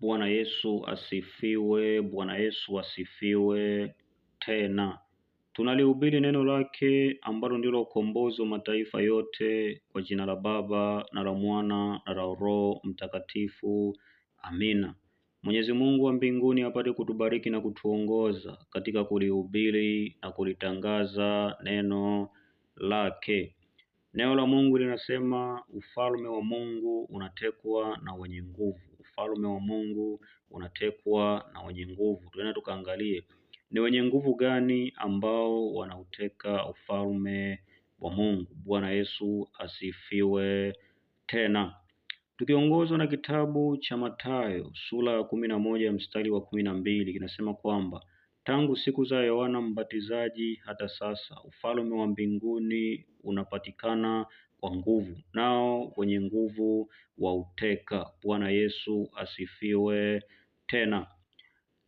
Bwana Yesu asifiwe, Bwana Yesu asifiwe. Tena tunalihubiri neno lake ambalo ndilo ukombozi wa mataifa yote, kwa jina la Baba na la Mwana na la Roho Mtakatifu, amina. Mwenyezi Mungu wa mbinguni apate kutubariki na kutuongoza katika kulihubiri na kulitangaza neno lake. Neno la Mungu linasema ufalme wa Mungu unatekwa na wenye nguvu ufalme wa Mungu unatekwa na wenye nguvu. Tuende tukaangalie ni wenye nguvu gani ambao wanauteka ufalme wa Mungu. Bwana Yesu asifiwe. Tena tukiongozwa na kitabu cha Mathayo sura ya kumi na moja mstari wa kumi na mbili kinasema kwamba tangu siku za Yohana Mbatizaji hata sasa ufalme wa mbinguni unapatikana kwa nguvu, nao wenye nguvu wauteka. Bwana Yesu asifiwe. Tena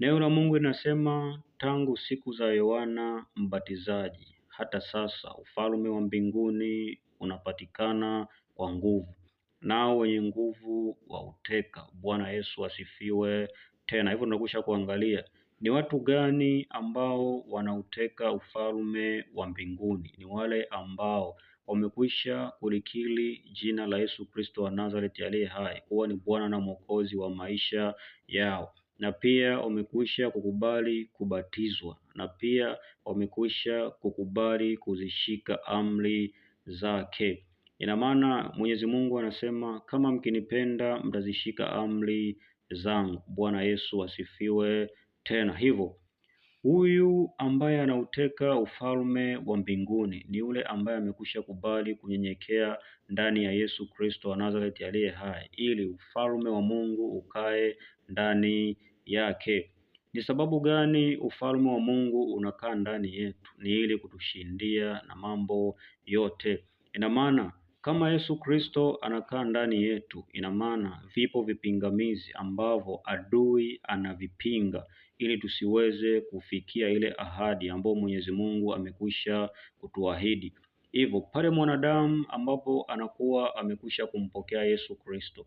neno la Mungu linasema tangu siku za Yohana Mbatizaji hata sasa ufalme wa mbinguni unapatikana kwa nguvu, nao wenye nguvu wauteka. Bwana Yesu asifiwe. Tena hivyo tunakusha kuangalia ni watu gani ambao wanauteka ufalme wa mbinguni. Ni wale ambao wamekwisha kulikili jina la Yesu Kristo wa Nazareti aliye hai kuwa ni Bwana na Mwokozi wa maisha yao, na pia wamekwisha kukubali kubatizwa, na pia wamekwisha kukubali kuzishika amri zake. Ina maana Mwenyezi Mungu anasema kama mkinipenda mtazishika amri zangu. Bwana Yesu asifiwe tena hivyo Huyu ambaye anauteka ufalme wa mbinguni ni yule ambaye amekwisha kubali kunyenyekea ndani ya Yesu Kristo wa Nazareti aliye hai, ili ufalme wa Mungu ukae ndani yake. Ni sababu gani ufalme wa Mungu unakaa ndani yetu? Ni ili kutushindia na mambo yote. Ina maana kama Yesu Kristo anakaa ndani yetu, ina maana vipo vipingamizi ambavyo adui anavipinga ili tusiweze kufikia ile ahadi ambayo Mwenyezi Mungu amekwisha kutuahidi. Hivyo pale mwanadamu ambapo anakuwa amekwisha kumpokea Yesu Kristo,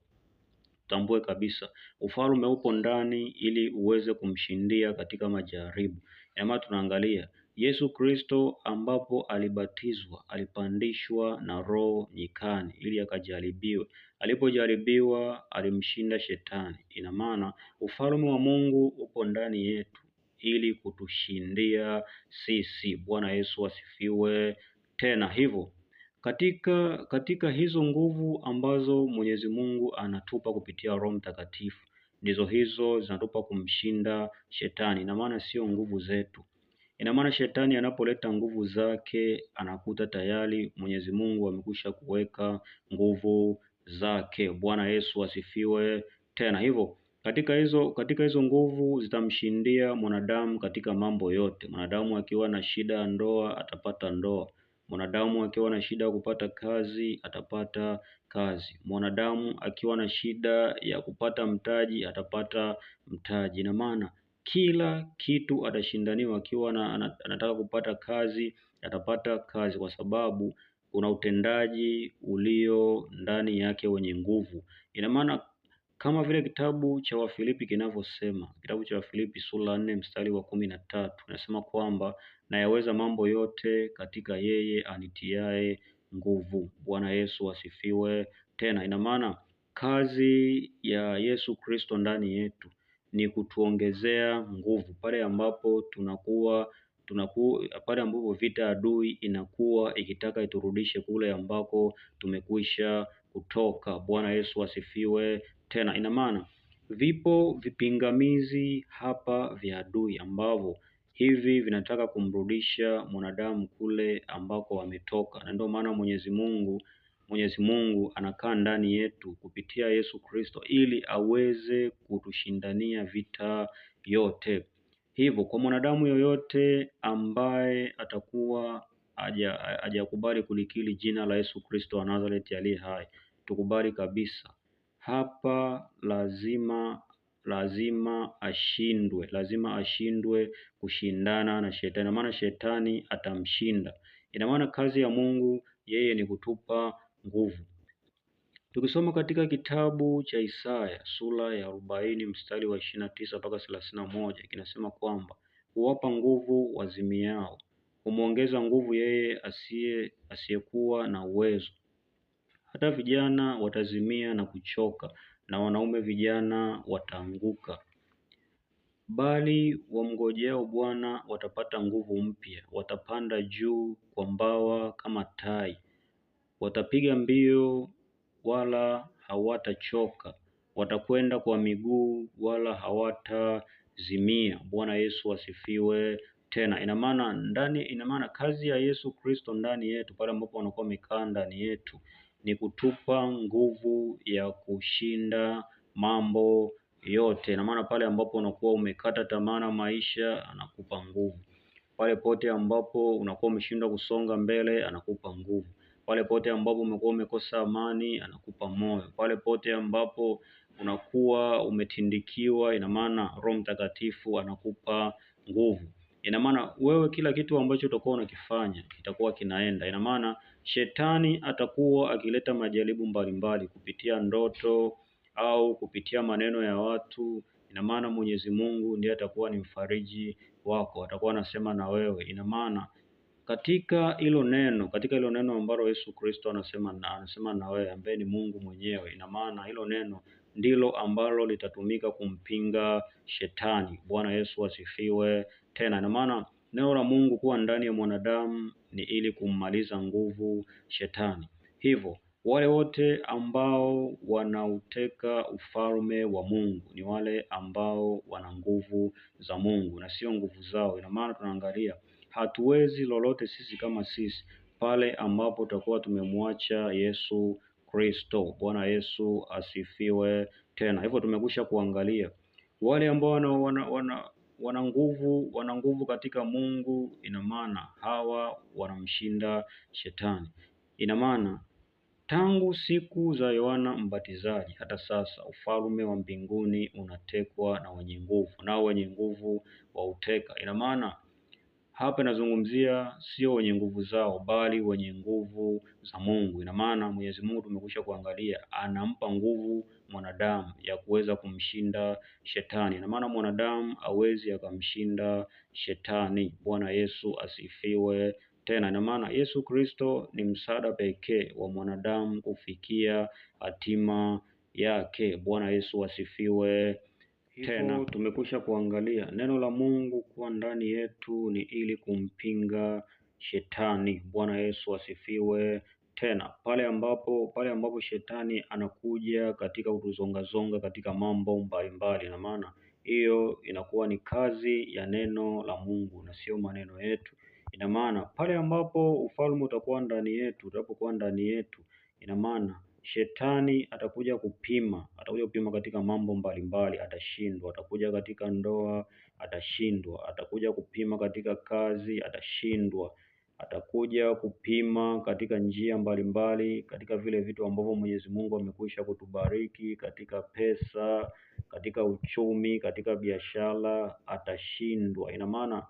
tambue kabisa ufalme upo ndani, ili uweze kumshindia katika majaribu. Jamaa, tunaangalia Yesu Kristo ambapo alibatizwa, alipandishwa na Roho nyikani ili akajaribiwe. Alipojaribiwa alimshinda Shetani. Ina maana ufalme wa Mungu upo ndani yetu ili kutushindia sisi. Bwana Yesu asifiwe. Tena hivyo katika katika hizo nguvu ambazo Mwenyezi Mungu anatupa kupitia Roho Mtakatifu ndizo hizo zinatupa kumshinda Shetani. Ina maana sio nguvu zetu. Ina maana Shetani anapoleta nguvu zake anakuta tayari Mwenyezi Mungu amekwisha kuweka nguvu zake. Bwana Yesu asifiwe tena. Hivyo katika hizo katika hizo nguvu zitamshindia mwanadamu katika mambo yote. Mwanadamu akiwa na shida ya ndoa atapata ndoa. Mwanadamu akiwa na shida ya kupata kazi atapata kazi. Mwanadamu akiwa na shida ya kupata mtaji atapata mtaji. Ina maana kila kitu atashindaniwa. Akiwa na, anataka kupata kazi atapata kazi, kwa sababu kuna utendaji ulio ndani yake wenye nguvu. Ina maana kama vile kitabu cha Wafilipi kinavyosema, kitabu cha Wafilipi sura nne mstari wa kumi na tatu inasema kwamba nayaweza mambo yote katika yeye anitiae nguvu. Bwana Yesu asifiwe. Tena ina maana kazi ya Yesu Kristo ndani yetu ni kutuongezea nguvu pale ambapo tunakuwa tunakuwa pale ambapo vita adui inakuwa ikitaka iturudishe kule ambako tumekwisha kutoka. Bwana Yesu asifiwe. Tena ina maana vipo vipingamizi hapa vya adui ambavyo hivi vinataka kumrudisha mwanadamu kule ambako ametoka, na ndio maana Mwenyezi Mungu Mwenyezi Mungu anakaa ndani yetu kupitia Yesu Kristo ili aweze kutushindania vita yote. Hivyo kwa mwanadamu yoyote ambaye atakuwa hajakubali kulikiri jina la Yesu Kristo wa Nazareti aliye hai, tukubali kabisa, hapa lazima lazima ashindwe, lazima ashindwe kushindana na shetani, maana shetani atamshinda. Ina maana kazi ya Mungu yeye ni kutupa nguvu. Tukisoma katika kitabu cha Isaya sura ya arobaini mstari wa ishirini na tisa mpaka thelathini na moja kinasema kwamba huwapa nguvu wazimiao, humwongeza nguvu yeye asiye asiyekuwa na uwezo. Hata vijana watazimia na kuchoka, na wanaume vijana wataanguka, bali wamngojeao Bwana watapata nguvu mpya, watapanda juu kwa mbawa kama tai, watapiga mbio wala hawatachoka, watakwenda kwa miguu wala hawatazimia. Bwana Yesu asifiwe tena. Ina maana ndani, ina maana kazi ya Yesu Kristo ndani yetu, pale ambapo wanakuwa wamekaa ndani yetu, ni kutupa nguvu ya kushinda mambo yote. Ina maana pale ambapo unakuwa umekata tamaa na maisha, anakupa nguvu. Pale pote ambapo unakuwa umeshindwa kusonga mbele, anakupa nguvu. Pale pote ambapo umekuwa umekosa amani, anakupa moyo. Pale pote ambapo unakuwa umetindikiwa, ina maana Roho Mtakatifu anakupa nguvu. Ina maana wewe kila kitu ambacho utakuwa unakifanya kitakuwa kinaenda. Ina maana shetani atakuwa akileta majaribu mbalimbali kupitia ndoto au kupitia maneno ya watu. Ina maana Mwenyezi Mungu ndiye atakuwa ni mfariji wako, atakuwa anasema na wewe. Ina maana katika hilo neno, katika hilo neno ambalo Yesu Kristo anasema na, anasema na wewe ambaye ni Mungu mwenyewe. Ina maana hilo neno ndilo ambalo litatumika kumpinga shetani. Bwana Yesu asifiwe. Tena ina maana neno la Mungu kuwa ndani ya mwanadamu ni ili kummaliza nguvu shetani. Hivyo wale wote ambao wanauteka ufalme wa Mungu ni wale ambao wana nguvu za Mungu na sio nguvu zao. Ina maana tunaangalia hatuwezi lolote sisi kama sisi pale ambapo tutakuwa tumemwacha Yesu Kristo. Bwana Yesu asifiwe tena. Hivyo tumekwisha kuangalia wale ambao wana, wana, wana, wana nguvu wana nguvu katika Mungu, ina maana hawa wanamshinda shetani. Ina maana tangu siku za Yohana Mbatizaji hata sasa ufalme wa mbinguni unatekwa na wenye nguvu, nao wenye nguvu wauteka. Ina maana hapa inazungumzia sio wenye nguvu zao, bali wenye nguvu za Mungu. Ina maana Mwenyezi Mungu tumekwisha kuangalia, anampa nguvu mwanadamu ya kuweza kumshinda shetani. Ina maana mwanadamu awezi akamshinda shetani. Bwana Yesu asifiwe tena. Ina maana Yesu Kristo ni msaada pekee wa mwanadamu kufikia hatima yake. Bwana Yesu asifiwe. Tena tumekwisha kuangalia neno la Mungu kuwa ndani yetu ni ili kumpinga shetani. Bwana Yesu asifiwe. Tena pale ambapo pale ambapo shetani anakuja katika kutuzongazonga katika mambo mbalimbali, na maana hiyo inakuwa ni kazi ya neno la Mungu na sio maneno yetu. Ina maana pale ambapo ufalme utakuwa ndani yetu, utakapokuwa ndani yetu, ina maana shetani atakuja kupima, atakuja kupima katika mambo mbalimbali, atashindwa. Atakuja katika ndoa, atashindwa. Atakuja kupima katika kazi, atashindwa. Atakuja kupima katika njia mbalimbali, katika vile vitu ambavyo Mwenyezi Mungu amekwisha kutubariki, katika pesa, katika uchumi, katika biashara, atashindwa. Ina maana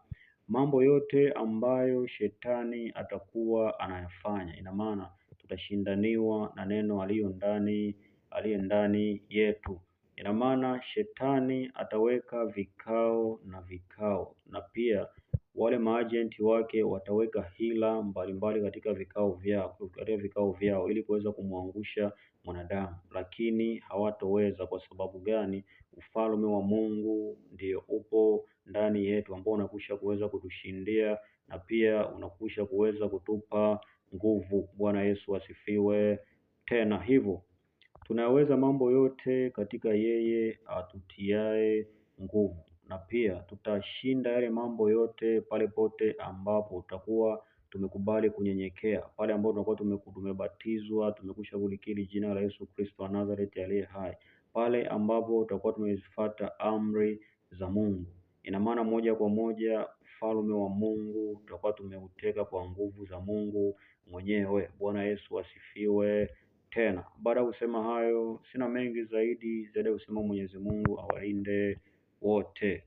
mambo yote ambayo shetani atakuwa anayafanya, ina maana tutashindaniwa na neno aliyo ndani aliye ndani yetu. Ina maana shetani ataweka vikao na vikao, na pia wale maajenti wake wataweka hila mbalimbali katika vikao vyao katika vikao vyao ili kuweza kumwangusha mwanadamu, lakini hawatoweza. Kwa sababu gani? Ufalme wa Mungu ndio upo ndani yetu, ambao unakwisha kuweza kutushindia na pia unakwisha kuweza kutupa nguvu. Bwana Yesu asifiwe. Tena hivyo tunaweza mambo yote katika yeye atutiae nguvu, na pia tutashinda yale mambo yote pale pote ambapo tutakuwa tumekubali kunyenyekea, pale ambapo tunakuwa tumebatizwa tumekusha kulikiri jina la Yesu Kristo wa Nazareti aliye hai, pale ambapo tutakuwa tumezifuata amri za Mungu. Ina maana moja kwa moja ufalme wa Mungu tutakuwa tumeuteka kwa nguvu za Mungu mwenyewe. Bwana Yesu asifiwe. Tena baada ya kusema hayo, sina mengi zaidi zaidi ya kusema Mwenyezi Mungu awalinde wote.